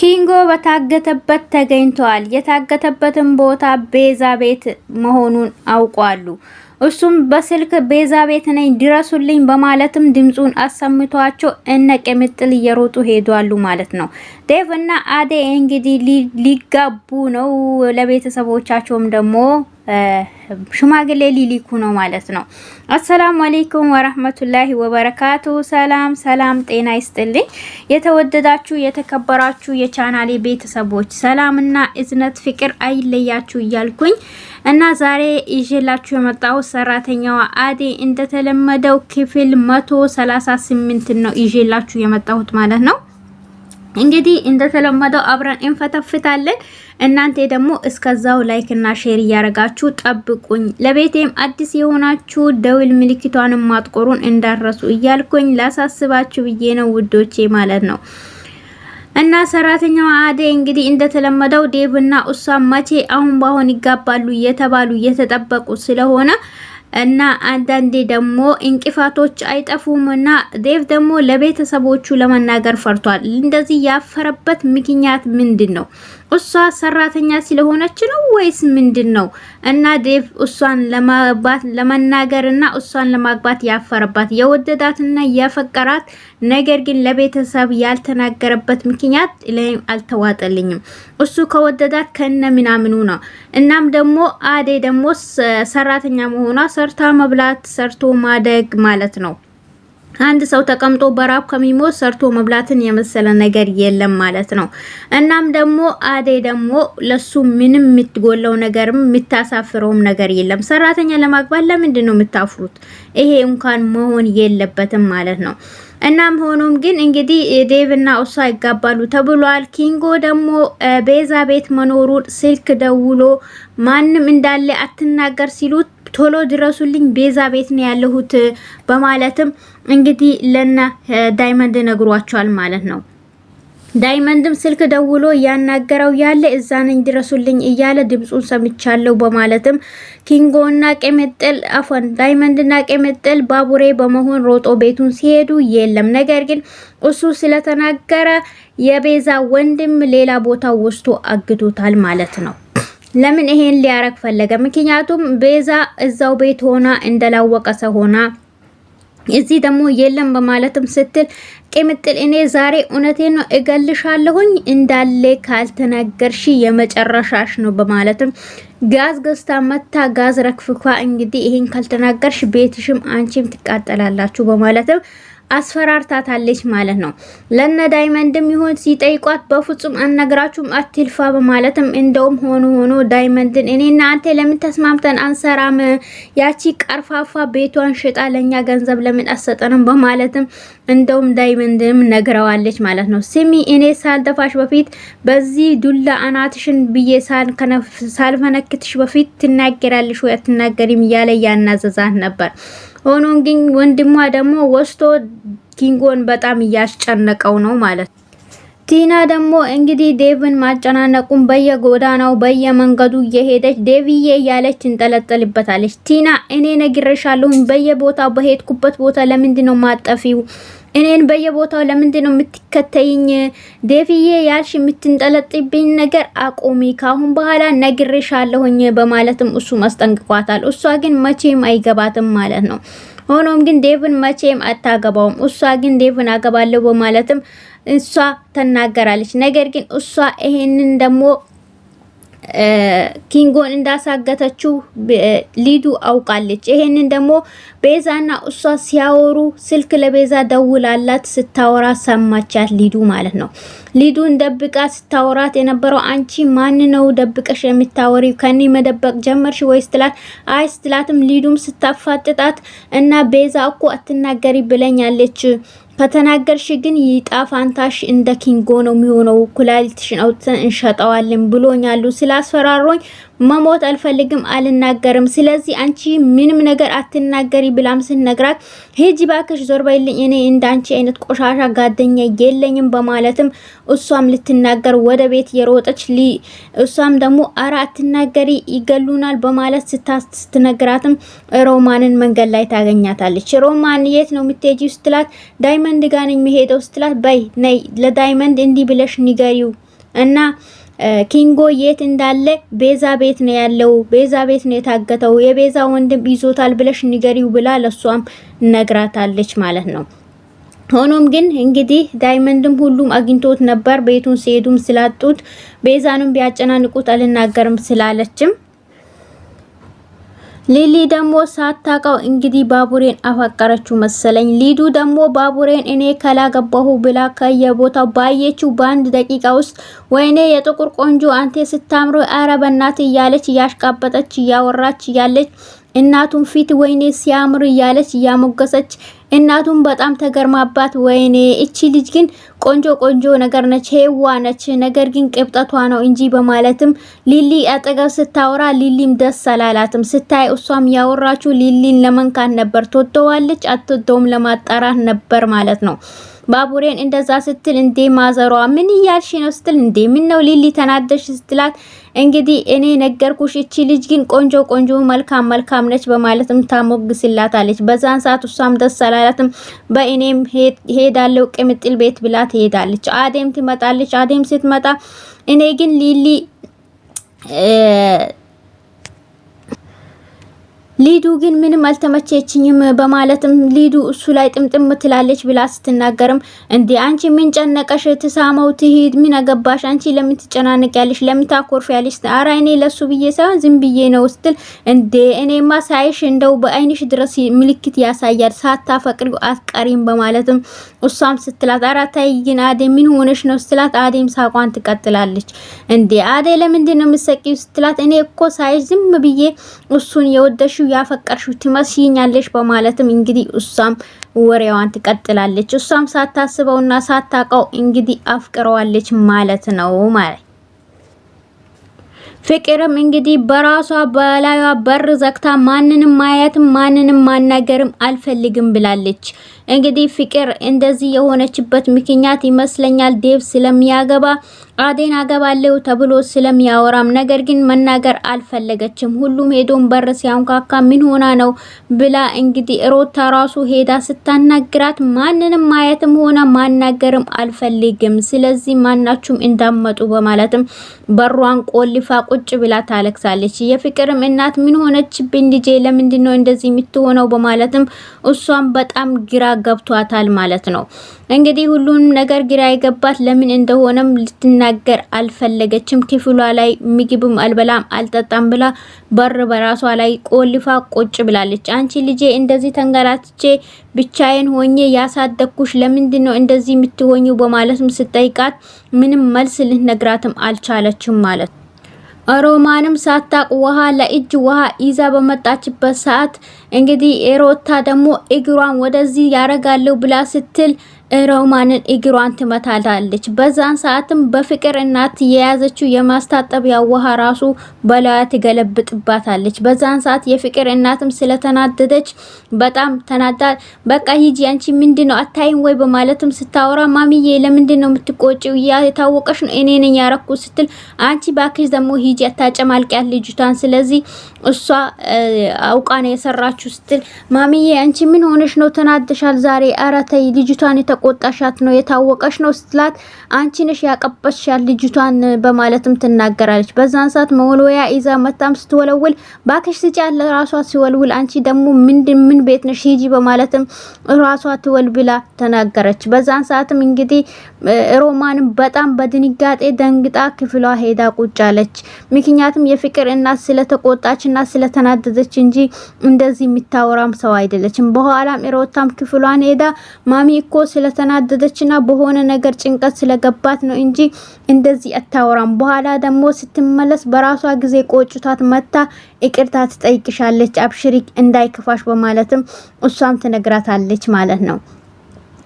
ኪንጎ በታገተበት ተገኝተዋል። የታገተበትን ቦታ ቤዛ ቤት መሆኑን አውቋሉ። እሱም በስልክ ቤዛ ቤት ነኝ ድረሱልኝ በማለትም ድምፁን አሰምቷቸው እነ ቅምጥል እየሮጡ ሄዷሉ ማለት ነው። ዴቭ እና አዴ እንግዲህ ሊጋቡ ነው። ለቤተሰቦቻቸውም ደግሞ ሽማግሌ ሊሊኩ ነው ማለት ነው። አሰላሙ አሌይኩም ወራህመቱላሂ ወበረካቱ። ሰላም ሰላም፣ ጤና ይስጥልኝ የተወደዳችሁ የተከበራችሁ የቻናሌ ቤተሰቦች ሰላምና እዝነት ፍቅር አይለያችሁ እያልኩኝ እና ዛሬ ይዤላችሁ የመጣሁት ሰራተኛዋ አዴ እንደተለመደው ክፍል መቶ ሰላሳ ስምንት ነው ይዤላችሁ የመጣሁት ማለት ነው። እንግዲህ እንደተለመደው አብረን እንፈተፍታለን። እናንተ ደግሞ እስከዛው ላይክ እና ሼር እያረጋችሁ ጠብቁኝ። ለቤቴም አዲስ የሆናችሁ ደውል ምልክቷን ማጥቆሩን እንዳረሱ እያልኩኝ ላሳስባችሁ ብዬ ነው ውዶቼ ማለት ነው። እና ሰራተኛዋ አደይ እንግዲህ እንደተለመደው ዴቭና እሷ መቼ አሁን ባሁን ይጋባሉ የተባሉ እየተጠበቁ ስለሆነ እና አንዳንዴ ደግሞ እንቅፋቶች አይጠፉም እና ዴቭ ደግሞ ለቤተሰቦቹ ለመናገር ፈርቷል። እንደዚህ ያፈረበት ምክንያት ምንድን ነው? እሷ ሰራተኛ ስለሆነች ነው ወይስ ምንድን ነው? እና ዴቭ እሷን ለማግባት ለመናገር እና እሷን ለማግባት ያፈረባት የወደዳትና ያፈቀራት ነገር ግን ለቤተሰብ ያልተናገረበት ምክንያት ለኔም አልተዋጠልኝም። እሱ ከወደዳት ከነ ምናምኑ ነው። እናም ደግሞ አዴ ደግሞ ሰራተኛ መሆኗ ሰርታ መብላት፣ ሰርቶ ማደግ ማለት ነው። አንድ ሰው ተቀምጦ በራብ ከሚሞት ሰርቶ መብላትን የመሰለ ነገር የለም ማለት ነው። እናም ደግሞ አደይ ደግሞ ለሱ ምንም የምትጎለው ነገርም የምታሳፍረውም ነገር የለም። ሰራተኛ ለማግባት ለምንድን ነው የምታፍሩት? ይሄ እንኳን መሆን የለበትም ማለት ነው። እናም ሆኖም ግን እንግዲህ ዴቭና እሷ ይጋባሉ ተብሏል። ኪንጎ ደግሞ ቤዛ ቤት መኖሩን ስልክ ደውሎ ማንም እንዳለ አትናገር ሲሉት ቶሎ ድረሱልኝ ቤዛ ቤት ነው ያለሁት በማለትም እንግዲህ ለነ ዳይመንድ ነግሯቸዋል ማለት ነው። ዳይመንድም ስልክ ደውሎ እያናገረው ያለ እዛ ነኝ ድረሱልኝ እያለ ድምፁን ሰምቻለሁ በማለትም ኪንጎና ቄሜጥል አፎን ዳይመንድና ቄሜጥል ባቡሬ በመሆን ሮጦ ቤቱን ሲሄዱ የለም። ነገር ግን እሱ ስለተናገረ የቤዛ ወንድም ሌላ ቦታ ወስዶ አግቶታል ማለት ነው። ለምን ይሄን ሊያረግ ፈለገ? ምክንያቱም ቤዛ እዛው ቤት ሆና እንደላወቀ ሰው ሆና እዚህ ደግሞ የለም በማለትም ስትል ቅምጥል እኔ ዛሬ እውነቴ ነው እገልሻለሁኝ እንዳለ ካልተነገርሽ የመጨረሻሽ ነው በማለትም ጋዝ ገዝታ መታ ጋዝ ረክፍኳ እንግዲህ ይህን ካልተናገርሽ ቤትሽም አንቺም ትቃጠላላችሁ በማለትም አስፈራርታታለች ማለት ነው። ለነ ዳይመንድም ይሁን ሲጠይቋት በፍጹም አነግራችሁም አትልፋ በማለትም እንደውም ሆኖ ሆኖ ዳይመንድን እኔና አንተ ለምን ተስማምተን አንሰራም? ያቺ ቀርፋፋ ቤቷን ሽጣ ለእኛ ገንዘብ ለምን አሰጠንም? በማለትም እንደውም ዳይመንድም ነግረዋለች ማለት ነው። ስሚ እኔ ሳልደፋሽ በፊት በዚህ ዱላ አናትሽን ብዬ ሳልፈነክትሽ በፊት ትናገራለሽ ወይ አትናገሪም? እያለ እያናዘዛት ነበር። ሆኖም ግን ወንድሟ ደግሞ ወስቶ ኪንጎን በጣም እያስጨነቀው ነው ማለት ነው። ቲና ደግሞ እንግዲህ ዴቭን ማጨናነቁን በየጎዳናው በየመንገዱ እየሄደች ዴቭዬ እያለች እንጠለጠልበታለች። ቲና እኔ ነግሬሻለሁኝ፣ በየቦታው በሄድኩበት ቦታ ለምንድን ነው ማጠፊው እኔን በየቦታው ለምንድን ነው የምትከተይኝ? ዴቪዬ ያልሽ የምትንጠለጥብኝ ነገር አቆሚ ካሁን በኋላ ነግሬሻለሁኝ በማለትም እሱ አስጠንቅቋታል። እሷ ግን መቼም አይገባትም ማለት ነው። ሆኖም ግን ዴቭን መቼም አታገባውም። እሷ ግን ዴቭን አገባለሁ በማለትም እሷ ተናገራለች። ነገር ግን እሷ ይሄንን ደግሞ ኪንጎን እንዳሳገተችው ሊዱ አውቃለች። ይሄንን ደግሞ ቤዛና እሷ ሲያወሩ ስልክ ለቤዛ ደውላላት ስታወራ ሰማቻት ሊዱ ማለት ነው። ሊዱን ደብቃ ስታወራት የነበረው አንቺ ማን ነው ደብቀሽ የምታወሪ ከኔ መደበቅ ጀመርሽ ወይ ስትላት አይ ስትላትም ሊዱም ስታፋጥጣት እና ቤዛ እኮ አትናገሪ ብለኛለች ከተናገርሽ ግን ይጣ ፋንታሽ እንደ ኪንጎ ነው የሚሆነው፣ ኩላሊትሽን አውጥተን እንሸጠዋለን ብሎኛሉ ስላስፈራሮኝ መሞት አልፈልግም፣ አልናገርም። ስለዚህ አንቺ ምንም ነገር አትናገሪ ብላም ስነግራት ሄጂ እባክሽ ዞር በይልኝ፣ እኔ እንዳንቺ አይነት ቆሻሻ ጓደኛ የለኝም በማለትም እሷም ልትናገር ወደ ቤት የሮጠች ሊ እሷም ደግሞ አራ አትናገሪ፣ ይገሉናል በማለት ስትነግራትም ሮማንን መንገድ ላይ ታገኛታለች። ሮማን የት ነው የምትሄጂ ስትላት ዳይመንድ ጋር ነኝ የምሄደው ስትላት በይ ነይ ለዳይመንድ እንዲህ ብለሽ ንገሪው እና ኪንጎ የት እንዳለ ቤዛ ቤት ነው ያለው፣ ቤዛ ቤት ነው የታገተው፣ የቤዛ ወንድም ይዞታል ብለሽ ንገሪው ብላ ለሷም ነግራታለች ማለት ነው። ሆኖም ግን እንግዲህ ዳይመንድም ሁሉም አግኝቶት ነበር። ቤቱን ሲሄዱም ስላጡት ቤዛንም ቢያጨናንቁት አልናገርም ስላለችም ሊሊ ደግሞ ሳታውቀው እንግዲህ ባቡሬን አፈቀረችው መሰለኝ። ሊዱ ደግሞ ባቡሬን እኔ ከላገባሁ ብላ ከየቦታው ባየችው በአንድ ደቂቃ ውስጥ ወይኔ የጥቁር ቆንጆ አንቴ ስታምሮ አረበናት እያለች እያሽቃበጠች እያወራች እያለች እናቱን ፊት ወይኔ ሲያምር እያለች እያሞገሰች እናቱን በጣም ተገርማባት። ወይኔ እቺ ልጅ ግን ቆንጆ ቆንጆ ነገር ነች፣ ሄዋ ነች፣ ነገር ግን ቅብጠቷ ነው እንጂ በማለትም ሊሊ አጠገብ ስታወራ ሊሊም ደስ አላላትም። ስታይ እሷም ያወራችሁ ሊሊን ለመንካት ነበር፣ ትወደዋለች አትወደውም ለማጣራት ነበር ማለት ነው። ባቡሬን እንደዛ ስትል እንዴ ማዘሯ ምን እያልሽ ነው ስትል እንዴ ምን ነው ሊሊ ተናደሽ ስትላት እንግዲህ እኔ ነገርኩሽ፣ እቺ ልጅ ግን ቆንጆ ቆንጆ መልካም መልካም ነች በማለትም ታሞግስላታለች። በዛን ሰዓት እሷም ደስ አላላትም። በእኔም ሄዳለው ቅምጥል ቤት ብላ ትሄዳለች። አዴም ትመጣለች። አዴም ስትመጣ እኔ ግን ሊሊ ሊዱ ግን ምንም አልተመቸችኝም በማለትም ሊዱ እሱ ላይ ጥምጥም ትላለች ብላ ስትናገርም እንዴ አንቺ ምን ጨነቀሽ? ትሳመው ትሂድ፣ ምን አገባሽ አንቺ? ለምን ትጨናነቅ ያለሽ? ለምን ታኮርፍ ያለሽ? ኧረ እኔ ለሱ ብዬ ሳይሆን ዝም ብዬ ነው ስትል እንዴ እኔማ ሳይሽ እንደው በአይንሽ ድረስ ምልክት ያሳያል ሳታፈቅሪ አትቀሪም በማለትም እሷም ስትላት ኧረ ተይ ግን አዴ ምን ሆነሽ ነው ስትላት አዴም ሳቋን ትቀጥላለች። እንዴ አዴ ለምንድን ነው የምትሰቂው ስትላት እኔ እኮ ሳይሽ ዝም ብዬ እሱን የወደሽ ወደድሽው ያፈቀርሽው ትመስይኛለሽ በማለትም እንግዲህ እሷም ወሬዋን ትቀጥላለች። እሷም ሳታስበውና ሳታቀው እንግዲህ አፍቅረዋለች ማለት ነው ማለት ፍቅርም እንግዲህ በራሷ በላዩ በር ዘግታ ማንንም ማየትም ማንንም ማናገርም አልፈልግም ብላለች። እንግዲህ ፍቅር እንደዚህ የሆነችበት ምክንያት ይመስለኛል ዴቭ ስለሚያገባ አዴን አገባለሁ ተብሎ ስለሚያወራም፣ ነገር ግን መናገር አልፈለገችም። ሁሉም ሄዶን በር ሲያንኳካ ምን ሆና ነው ብላ እንግዲህ ሮታ ራሱ ሄዳ ስታናግራት ማንንም ማየትም ሆነ ማናገርም አልፈልግም፣ ስለዚህ ማናችሁም እንዳመጡ በማለትም በሯን ቆልፋ ቁጭ ብላ ታለቅሳለች። የፍቅርም እናት ምን ሆነች ልጄ፣ ለምንድን ነው እንደዚህ የምትሆነው በማለትም እሷም በጣም ግራ ገብቷታል ማለት ነው። እንግዲህ ሁሉንም ነገር ግራ የገባት ለምን እንደሆነም ልትናገር አልፈለገችም። ክፍሏ ላይ ምግብም አልበላም አልጠጣም ብላ በር በራሷ ላይ ቆልፋ ቁጭ ብላለች። አንቺ ልጄ እንደዚህ ተንገላትቼ ብቻዬን ሆኜ ያሳደግኩሽ ለምንድን ነው እንደዚህ የምትሆኙ? በማለትም ስጠይቃት ምንም መልስ ልትነግራትም አልቻለችም ማለት ነው። ሮማንም ሳታቅ ውሃ ለእጅ ውሃ ይዛ በመጣችበት ሰዓት እንግዲህ ሩታ ደግሞ እግሯን ወደዚህ ያረጋለሁ ብላ ስትል ሮማንን እግሯን ትመታታለች። በዛን ሰዓትም በፍቅር እናት የያዘችው የማስታጠቢያ ውሃ ራሱ በላያ ትገለብጥባታለች። በዛን ሰዓት የፍቅር እናትም ስለተናደደች በጣም ተናዳ በቃ ሂጂ አንቺ ምንድን ነው አታይም ወይ በማለትም ስታወራ ማሚዬ ለምንድን ነው የምትቆጪው? ያ የታወቀሽ ነው እኔ ነኝ ያረኩ ስትል አንቺ ባክሽ ደግሞ ሂጂ አታጨማልቂያት ልጅቷን። ስለዚህ እሷ አውቃ ነው የሰራችሁ ያለችው ስትል ማሚዬ አንቺ ምን ሆነሽ ነው ተናደሻል ዛሬ ኧረ ተይ ልጅቷን የተቆጣሻት ነው የታወቀሽ ነው ስትላት አንቺ ነሽ ያቀበሻል ልጅቷን በማለትም ትናገራለች በዛን ሰዓት መወልወያ ይዛ መታም ስትወለውል ባክሽ ስጪ ያለ ራሷ ሲወልውል አንቺ ደግሞ ምንድን ምን ቤት ነሽ ሂጂ በማለትም ራሷ ትወል ብላ ተናገረች በዛን ሰዓትም እንግዲህ ሮማንም በጣም በድንጋጤ ደንግጣ ክፍሏ ሄዳ ቁጫለች ምክንያቱም የፍቅር እናት ስለተቆጣች እና ስለተናደደች እንጂ እንደዚህ የሚታወራም ሰው አይደለችም። በኋላም ሮታም ክፍሏን ሄዳ ማሚ እኮ ስለተናደደችና በሆነ ነገር ጭንቀት ስለገባት ነው እንጂ እንደዚህ አታወራም። በኋላ ደግሞ ስትመለስ በራሷ ጊዜ ቆጭቷት መታ ይቅርታ ትጠይቅሻለች፣ አብሽሪ እንዳይከፋሽ በማለትም እሷም ትነግራታለች ማለት ነው።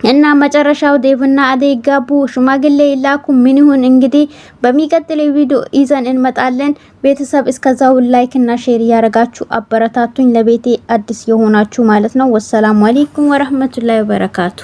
እና መጨረሻው ዴቭና አደይ ይጋቡ፣ ሽማግሌ ይላኩ፣ ምን ይሁን እንግዲህ በሚቀጥለው ቪዲዮ ይዘን እንመጣለን። ቤተሰብ እስከዛው ላይክ እና ሼር እያረጋችሁ አበረታቱኝ። ለቤቴ አዲስ የሆናችሁ ማለት ነው። ወሰላሙ አለይኩም ወረህመቱላሂ ወበረካቱ